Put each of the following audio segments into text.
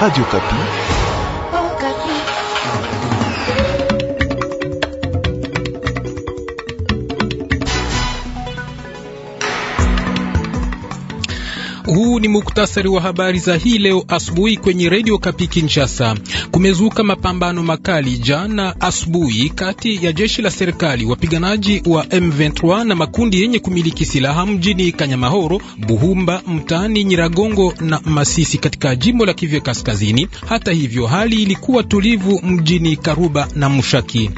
Radio Kapi. Oh, Kapi. Huu ni muktasari wa habari za hii leo asubuhi kwenye Radio Kapi Kinshasa kumezuka mapambano makali jana asubuhi kati ya jeshi la serikali, wapiganaji wa M23 na makundi yenye kumiliki silaha mjini Kanyamahoro, Buhumba, mtaani Nyiragongo na Masisi katika jimbo la Kivu Kaskazini. Hata hivyo, hali ilikuwa tulivu mjini Karuba na Mushaki.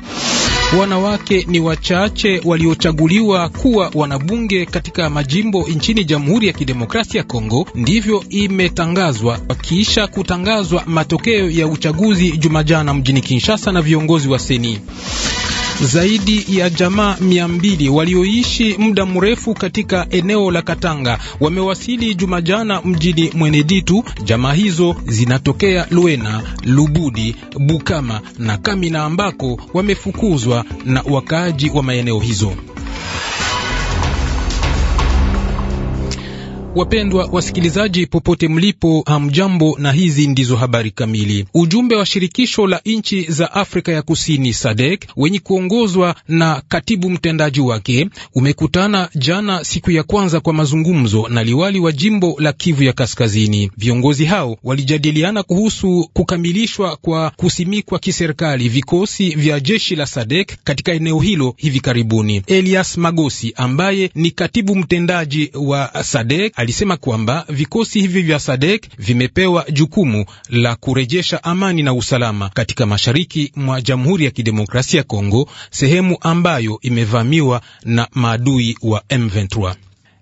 Wanawake ni wachache waliochaguliwa kuwa wanabunge katika majimbo nchini Jamhuri ya Kidemokrasia ya Kongo, ndivyo imetangazwa wakiisha kutangazwa matokeo ya uchaguzi Jumajana mjini Kinshasa na viongozi wa seni. Zaidi ya jamaa mia mbili walioishi muda mrefu katika eneo la Katanga wamewasili Jumajana mjini Mweneditu. Jamaa hizo zinatokea Luena, Lubudi, Bukama na Kamina ambako wamefukuzwa na wakaaji wa maeneo hizo. Wapendwa wasikilizaji, popote mlipo, hamjambo, na hizi ndizo habari kamili. Ujumbe wa shirikisho la nchi za Afrika ya Kusini SADC wenye kuongozwa na katibu mtendaji wake umekutana jana siku ya kwanza kwa mazungumzo na liwali wa jimbo la Kivu ya Kaskazini. Viongozi hao walijadiliana kuhusu kukamilishwa kwa kusimikwa kiserikali vikosi vya jeshi la SADC katika eneo hilo hivi karibuni. Elias Magosi ambaye ni katibu mtendaji wa SADC alisema kwamba vikosi hivi vya sadek vimepewa jukumu la kurejesha amani na usalama katika mashariki mwa Jamhuri ya Kidemokrasia ya Kongo, sehemu ambayo imevamiwa na maadui wa M23.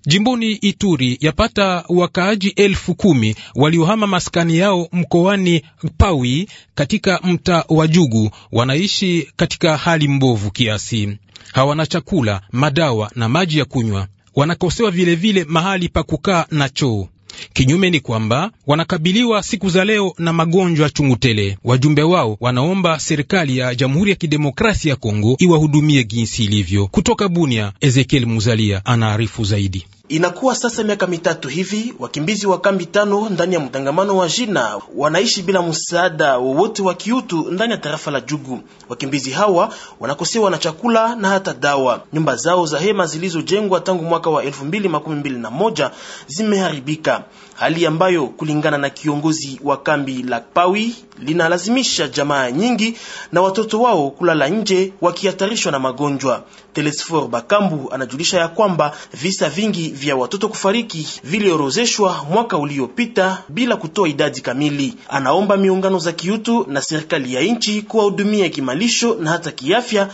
Jimboni Ituri yapata wakaaji elfu kumi waliohama maskani yao mkoani Pawi katika mtaa wa Jugu wanaishi katika hali mbovu kiasi. Hawana chakula, madawa na maji ya kunywa wanakosewa vilevile vile mahali pa kukaa na choo. Kinyume ni kwamba wanakabiliwa siku za leo na magonjwa chungu tele. Wajumbe wao wanaomba serikali ya Jamhuri ya Kidemokrasia ya Kongo iwahudumie jinsi ilivyo. Kutoka Bunia, Ezekiel Muzalia anaarifu zaidi. Inakuwa sasa miaka mitatu hivi wakimbizi wa kambi tano ndani ya mtangamano wa jina wanaishi bila msaada wowote wa kiutu ndani ya tarafa la Jugu. Wakimbizi hawa wanakosewa na chakula na hata dawa. Nyumba zao za hema zilizojengwa tangu mwaka wa 2021 zimeharibika hali ambayo kulingana na kiongozi wa kambi la Pawi linalazimisha jamaa nyingi na watoto wao kulala nje wakihatarishwa na magonjwa. Telesfor Bakambu anajulisha ya kwamba visa vingi vya watoto kufariki viliorozeshwa mwaka uliopita bila kutoa idadi kamili. Anaomba miungano za kiutu na serikali ya nchi kuwahudumia kimalisho na hata kiafya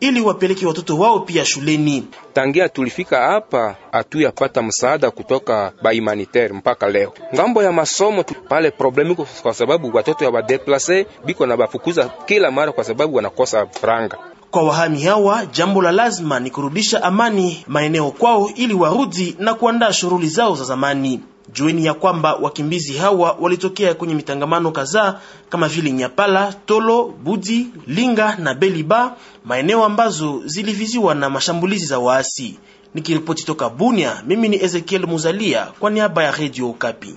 ili wapeleke watoto wao pia shuleni. Tangia tulifika hapa hatuyapata msaada kutoka ba humanitaire mpaka leo. Ngambo ya masomo pale problemi kwa sababu watoto ya wadeplase biko na bafukuza kila mara kwa sababu wanakosa franga. Kwa wahami hawa jambo la lazima ni kurudisha amani maeneo kwao ili warudi na kuandaa shughuli zao za zamani. Jueni ya kwamba wakimbizi hawa walitokea kwenye mitangamano kadhaa kama vile Nyapala, Tolo, Budi, Linga na Beliba, maeneo ambazo ziliviziwa na mashambulizi za waasi. Nikiripoti toka Bunia, mimi ni Ezekiel Muzalia kwa niaba ya Radio Okapi.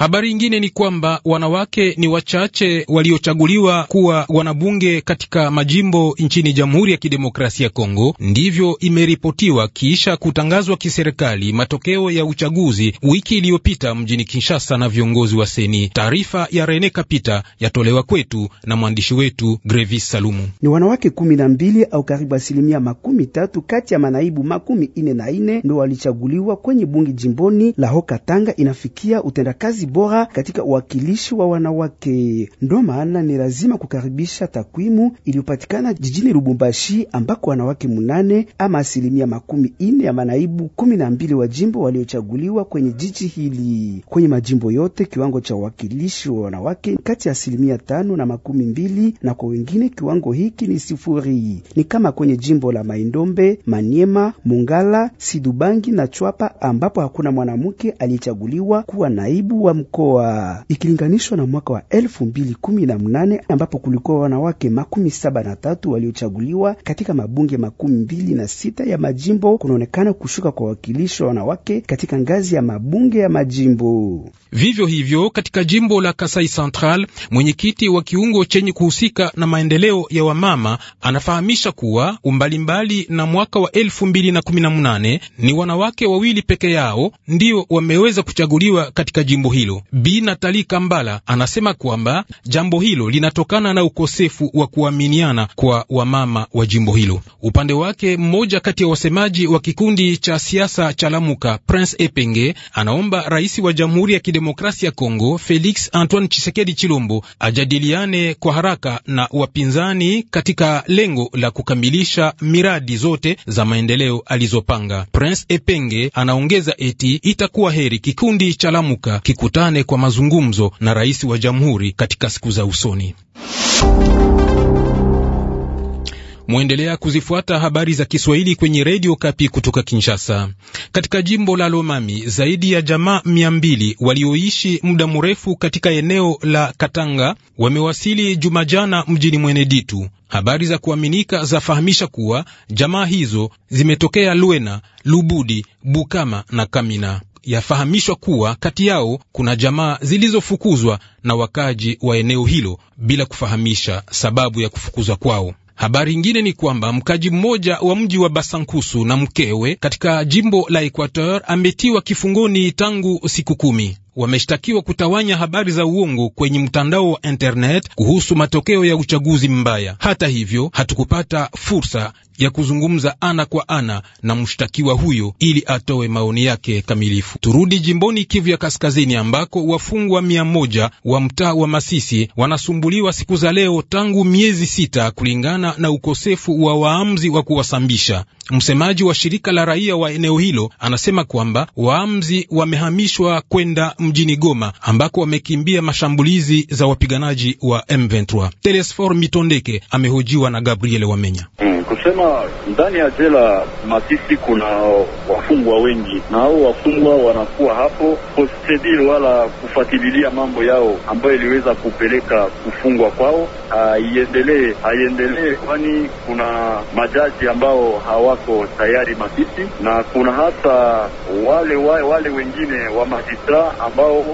Habari ingine ni kwamba wanawake ni wachache waliochaguliwa kuwa wanabunge katika majimbo nchini Jamhuri ya Kidemokrasia ya Kongo. Ndivyo imeripotiwa kisha kutangazwa kiserikali matokeo ya uchaguzi wiki iliyopita mjini Kinshasa na viongozi wa seni. Taarifa ya Rene Kapita yatolewa kwetu na mwandishi wetu Grevis Salumu. Ni wanawake kumi na mbili au karibu asilimia makumi tatu kati ya manaibu makumi ine na ine ndio walichaguliwa kwenye bunge jimboni la Hoka Tanga, Inafikia utendakazi bora katika uwakilishi wa wanawake. ndo maana ni lazima kukaribisha takwimu iliyopatikana jijini Lubumbashi ambako wanawake munane ama asilimia makumi ine ya manaibu kumi na mbili wa jimbo waliochaguliwa kwenye jiji hili. Kwenye majimbo yote kiwango cha uwakilishi wa wanawake kati ya asilimia tano na makumi mbili na kwa wengine kiwango hiki ni sifuri. Ni kama kwenye jimbo la Maindombe, Maniema, mungala Sidubangi na Chwapa ambapo hakuna mwanamke aliyechaguliwa kuwa naibu wa mkoa ikilinganishwa na mwaka wa elfu mbili kumi na mnane ambapo kulikuwa wanawake makumi saba na tatu waliochaguliwa katika mabunge makumi mbili na sita ya majimbo, kunaonekana kushuka kwa wakilishi wa wanawake katika ngazi ya mabunge ya majimbo. Vivyo hivyo katika jimbo la Kasai Central, mwenyekiti wa kiungo chenye kuhusika na maendeleo ya wamama anafahamisha kuwa umbalimbali na mwaka wa elfu mbili na kumi na mnane ni wanawake wawili peke yao ndio wameweza kuchaguliwa katika jimbo hilo hilo. Bi Natali Kambala anasema kwamba jambo hilo linatokana na ukosefu wa kuaminiana kwa wamama wa jimbo hilo. Upande wake, mmoja kati ya wasemaji wa kikundi cha siasa cha Lamuka, Prince Epenge, anaomba rais wa Jamhuri ya Kidemokrasia ya Kongo Felix Antoine chisekedi Chilombo ajadiliane kwa haraka na wapinzani katika lengo la kukamilisha miradi zote za maendeleo alizopanga. Prince Epenge anaongeza eti itakuwa heri kikundi cha Lamuka kiku tukutane kwa mazungumzo na rais wa jamhuri katika siku za usoni. Mwendelea kuzifuata habari za Kiswahili kwenye redio Kapi kutoka Kinshasa. Katika jimbo la Lomami, zaidi ya jamaa mia mbili walioishi muda mrefu katika eneo la Katanga wamewasili Jumajana mjini Mweneditu. Habari za kuaminika zafahamisha kuwa jamaa hizo zimetokea Luena, Lubudi, Bukama na Kamina yafahamishwa kuwa kati yao kuna jamaa zilizofukuzwa na wakaji wa eneo hilo bila kufahamisha sababu ya kufukuzwa kwao. Habari ingine ni kwamba mkaji mmoja wa mji wa Basankusu na mkewe katika jimbo la Equateur ametiwa kifungoni tangu siku kumi. Wameshtakiwa kutawanya habari za uongo kwenye mtandao wa internet kuhusu matokeo ya uchaguzi mbaya. Hata hivyo, hatukupata fursa ya kuzungumza ana kwa ana na mshtakiwa huyo ili atoe maoni yake kamilifu. Turudi jimboni Kivu ya Kaskazini ambako wafungwa mia moja wa mtaa wa Masisi wanasumbuliwa siku za leo tangu miezi sita kulingana na ukosefu wa waamzi wa kuwasambisha. Msemaji wa shirika la raia wa eneo hilo anasema kwamba waamzi wamehamishwa kwenda mjini Goma ambako wamekimbia mashambulizi za wapiganaji wa M23. Telesfor Mitondeke amehojiwa na Gabriel Wamenya. Hmm, kusema ndani ya jela Masisi kuna wafungwa wengi, na hao wafungwa wanakuwa hapo postedil wala kufatililia mambo yao ambayo iliweza kupeleka kufungwa kwao haiendelee, haiendelee, kwani kuna majaji ambao hawako tayari Masisi, na kuna hata wale wale, wale wengine wa magistra ambao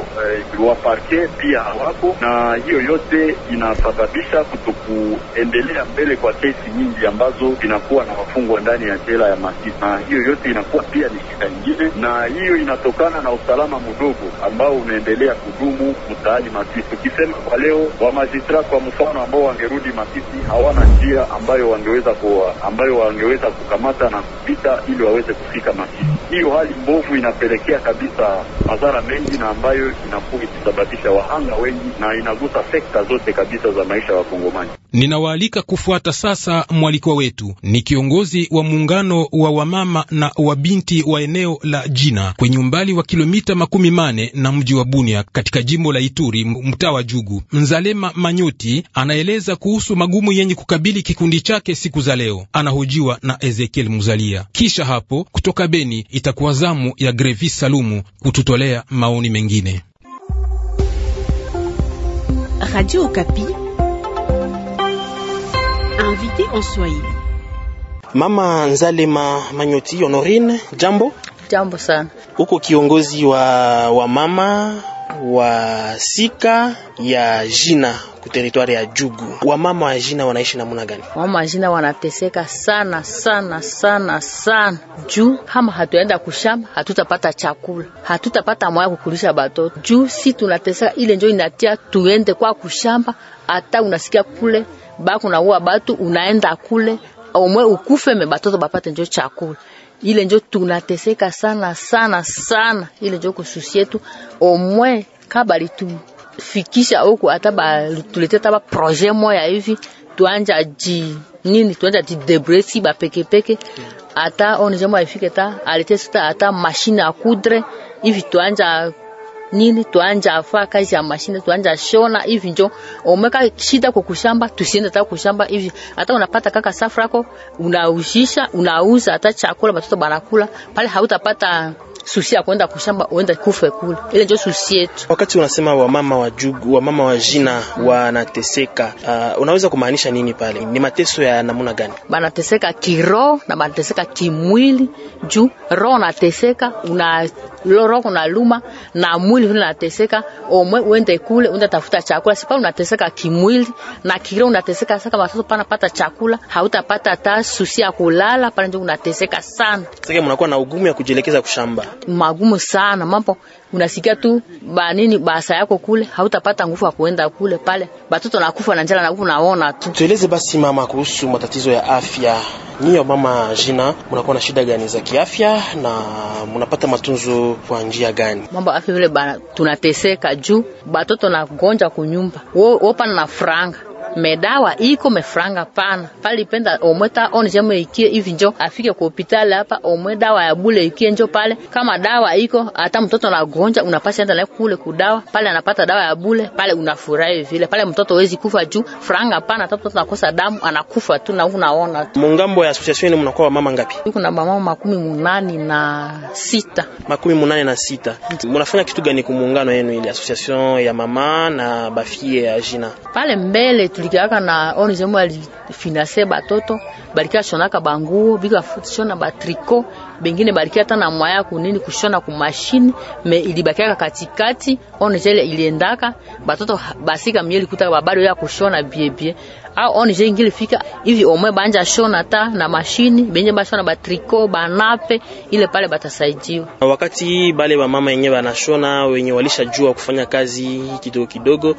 eh, wa parke pia hawako, na hiyo yote inasababisha kutokuendelea mbele kwa kesi nyingi ambazo inakuwa na wafungwa ndani ya jela ya Masisi. na Hiyo yote inakuwa pia ni shida nyingine, na hiyo inatokana na usalama mdogo ambao unaendelea kudumu mtaani Masisi. Ukisema kwa leo wa magistrat kwa mfano ambao wangerudi Masisi hawana njia ambayo wangeweza kuwa, ambayo wangeweza kukamata na kupita ili waweze kufika Masisi. Hiyo hali mbovu inapelekea kabisa madhara mengi na ambayo inakuwa ikisababisha wahanga wengi na inagusa sekta zote kabisa za maisha ya Wakongomani. Ninawaalika kufuata sasa mwalikwa wetu. Ni kiongozi wa muungano wa wamama na wabinti wa eneo la Jina kwenye umbali wa kilomita makumi mane na mji wa Bunia katika jimbo la Ituri, mtaa wa Jugu. Mzalema Manyoti anaeleza kuhusu magumu yenye kukabili kikundi chake siku za leo. Anahojiwa na Ezekiel Muzalia. Kisha hapo kutoka Beni itakuwa zamu ya grevis Salumu kututolea maoni mengine. Radio Invité en Swahili. Mama Nzalema Manyoti Honorine, jambo. Jambo sana. Uko kiongozi wa, wa mama wa sika ya jina ku teritwari ya Jugu. Wamama wa jina wanaishi namna gani? Wamama wa jina wanateseka sana sana sana sana juu kama hatuenda kushamba hatutapata chakula, hatutapata mwaya kukulisha batoto juu si tunateseka. Ile njo inatia tuende kwa kushamba, hata unasikia kule baku naua batu, unaenda kule omwe ukufe, me batoto bapate njo chakula. Ile njo tunateseka sana sana sana, ile njo kususi yetu omwe kabali tu fikisha huku hata batulete hata projet moya hivi tuanja ji nini tuanja ji debresi ba peke peke hata onjema ifike ta alete hata mashine ya kudre hivi tuanja nini tuanja afa kazi ya mashine tuanja shona hivi, njo umeka shida kwa kushamba, tusiende ta kushamba hivi. Hata unapata kaka yako unaushisha unauza hata chakula, watoto banakula pale, hautapata susi ya kwenda kushamba uenda kufe kule, ile ndio susi yetu. Wakati unasema wamama wa jugu, wamama wa jina wanateseka, uh, unaweza kumaanisha nini pale? Ni mateso ya namna gani? Banateseka kiroho na banateseka kimwili, juu roho nateseka una loro kuna luma na mwili unateseka, omwe uende kule uende tafuta chakula, sipa unateseka kimwili na kiroho unateseka. Sasa kama watoto pana pata chakula, hautapata ta susi ya kulala, pale ndio unateseka sana. Sasa mnakuwa na ugumu ya kujielekeza kushamba magumu sana, mambo unasikia tu ba nini basa yako kule, hautapata nguvu ya kuenda kule pale, batoto nakufa na njala nakufa, naona tu. Tueleze basi mama, kuhusu matatizo ya afya niyo mama jina, mnakuwa na shida gani za kiafya na mnapata matunzo kwa njia gani? Mambo afya vile bana, tunateseka juu batoto na gonja kunyumba wo, wopana na franga medawa iko mefranga pana pali penda omweta oni jamu ikie hivi njo afike kwa hospitali hapa omwe dawa ya bule ikie njo pale kama dawa iko hata mtoto na gonja unapasha enda naye kule kudawa pale anapata dawa ya bule pale unafurahi vile pale mtoto wezi kufa juu franga pana hata mtoto nakosa damu anakufa tu na unaona tu mungambo ya association ni mnakuwa mama ngapi na mama makumi munani na sita makumi munani na sita mnafanya kitu gani kumuungano yenu ile association ya mama na bafie ya jina pale mbele tuli balikiaka na ONG moya alifinanse batoto balikia shonaka banguo bika shona batriko bengine balikia ta na mwaya kunini kushona kumashini me ilibakiaka katikati ONG iliendaka batoto basika mieli kutaka babado ya kushona biebie au on jengi lifika hivi omwe banja shona ta na mashini benye bashona ba ba nape ile pale batasaidiwa. Wakati bale ba mama yenye banashona wenye walishajua kufanya kazi kidogo kidogo,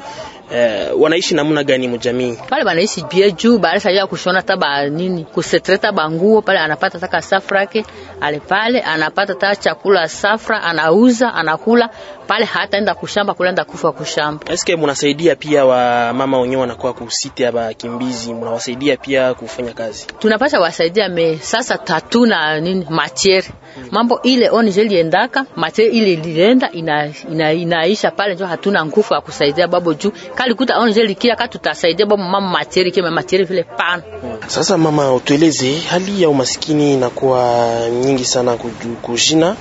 eh, wanaishi namna gani mjamii pale? Banaishi bia juu bale sajia kushona ta ba nini kusetreta banguo pale, anapata taka safra yake ale pale anapata ta chakula safra, anauza anakula pale, hataenda kushamba kulenda kufa kushamba. Eske mnasaidia pia wa mama wenyewe wanakuwa kusite hapa wakimbizi, mnawasaidia pia kufanya kazi? Tunapasha wasaidia me, sasa tatu na nini matiere mm. mambo ile oni onje liendaka matiere ile lienda ina, ina, inaisha pale, njo hatuna nguvu ya kusaidia babo juu kalikuta onje likia kati tutasaidia babo mama matiere kema matiere vile pana mm. Sasa mama, utueleze hali ya umasikini inakuwa nyingi sana kujina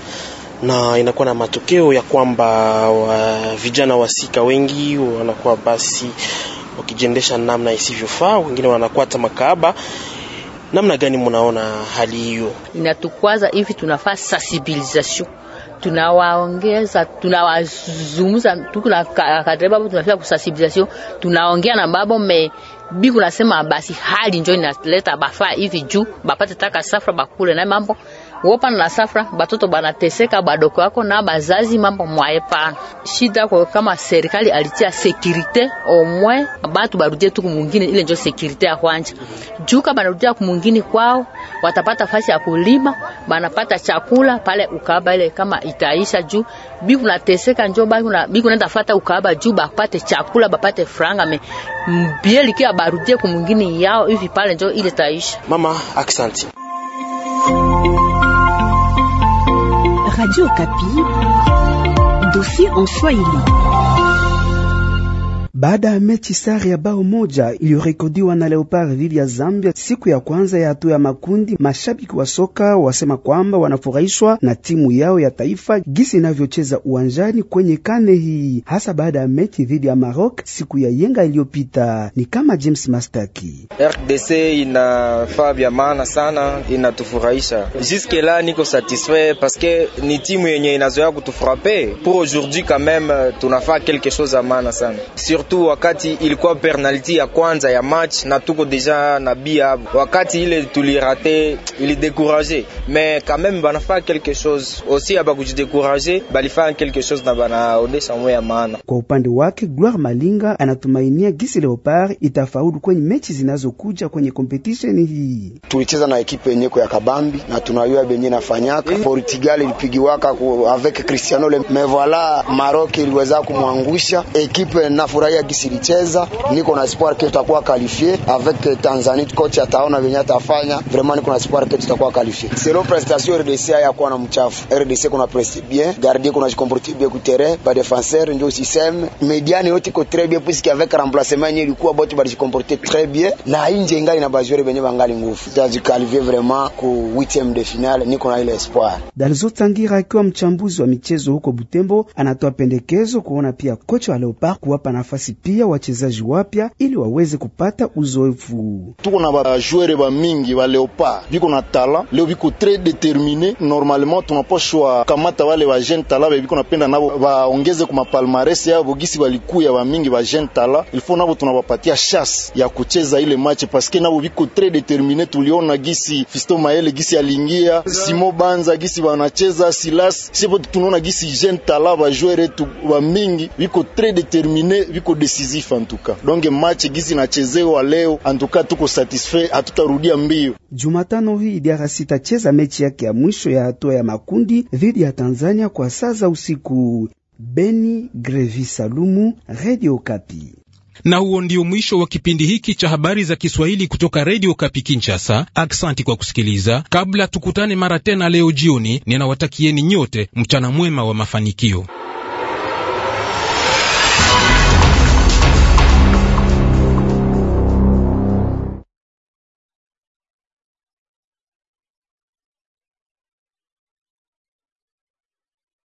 na inakuwa na matokeo ya kwamba wa vijana wasika wengi wanakuwa basi wakijiendesha namna isivyofaa, wengine wanakwata makaaba. Namna gani munaona hali hiyo inatukwaza? Hivi tunafaa sensibilisation tunawaongeza tunawazungumza, tukunakadreba babo tunafika kusensibilisation, tunaongea na babo me biku nasema basi, hali njo inaleta bafaa hivi juu bapate taka safra bakule na mambo wopa na safra batoto banateseka badoko yako na bazazi mambo mwae mwaepana shida kwa kama serikali alitia sekirite omwe batu barudia tu kumungine ile njo sekirite ya kwanja juu kama barudia kumungine kwao watapata fasi ya kulima banapata chakula pale ukaba ile kama itaisha juu biku nateseka njo biku na biku naenda fata ukaba juu bapate chakula bapate franga me mbieli kia barudie kumungine yao hivi pale njo ile taisha mama aksanti Radio Capi, dossier en soi Swahili. Baada ya mechi sare ya bao moja iliyorekodiwa na Leopard dhidi ya Zambia siku ya kwanza ya hatua ya makundi, mashabiki wa soka wasema kwamba wanafurahishwa na timu yao ya taifa gisi inavyocheza uwanjani kwenye kane hii, hasa baada ya mechi dhidi ya Maroc siku ya yenga iliyopita. Ni kama James Mastaki: RDC inafaa vya maana sana, inatufurahisha jiske la, niko satisfait paske ni timu yenye inazoea kutufrape pour aujourd'hui quand meme tunafaa quelque chose ya maana sana Sur surtout wakati ilikuwa penalty ya kwanza ya match na tuko deja na bia, wakati ile tulirate ilidekuraje, mais quand même banafaa quelque chose aussi, aba kujidekuraje, balifaa quelque chose na banaonesha mwe ya maana. Kwa upande wake Gloire Malinga anatumainia gisi Leopard itafaulu kwenye mechi zinazokuja kwenye competition hii. Tulicheza na ekipe yenyeko ya Kabambi na tunayua benye nafanyaka eh. Portugal ilipigiwaka avec Cristiano le mais voilà Maroc iliweza kumwangusha ekipe nafurahi ya kisilicheza niko na espoir ke tutakuwa qualifier avec Tanzania, coach ataona venye atafanya. Vraiment niko na espoir ke tutakuwa qualifier. Selon prestation RDC ya kuwa na mchafu. RDC kuna presse bien, gardien kuna jikomporter bien ku terrain, ba défenseur ndio système. Mediane yote ko très bien puisque avec remplacement yenyewe ilikuwa bote ba jikomporter très bien. Na inje ngali na bajore benye bangali nguvu. Tajikalivie vraiment ku 8e de finale, niko na ile espoir. Dalzo Tangira akiwa mchambuzi wa michezo huko Butembo anatoa pendekezo kuona pia kocha wa Leopard kuwapa nafasi basi pia wachezaji wapya ili waweze kupata uzoefu. Tuko na bajuere ba mingi ba Leopard biko na tala leo biko tre determine. Normalement tunapashwa kamata wale ba jeune tala biko napenda nabo baongeze kuma palmarès yao bogisi balikuya ba mingi ba jeune tala ilfo nabo tunabapatia chance ya kucheza ile match paske nabo biko tres determine. Tuliona gisi Fisto Maele gisi alingia Simo Banza gisi wanacheza Silas sipo, tunaona gisi jeune tala bajuere tu ba mingi biko tre determine biko décisif en tout cas. Donc match gizi nachezewa leo en tout cas tuko satisfait, hatutarudia mbio. Jumatano hii DRC itacheza mechi yake ya mwisho ya hatua ya makundi dhidi ya Tanzania kwa saa za usiku. Beni Grevi Salumu, Radio Kapi. Na huo ndio mwisho wa kipindi hiki cha habari za Kiswahili kutoka Radio Kapi Kinshasa. Aksanti kwa kusikiliza. Kabla tukutane mara tena leo jioni, ninawatakieni nyote mchana mwema wa mafanikio.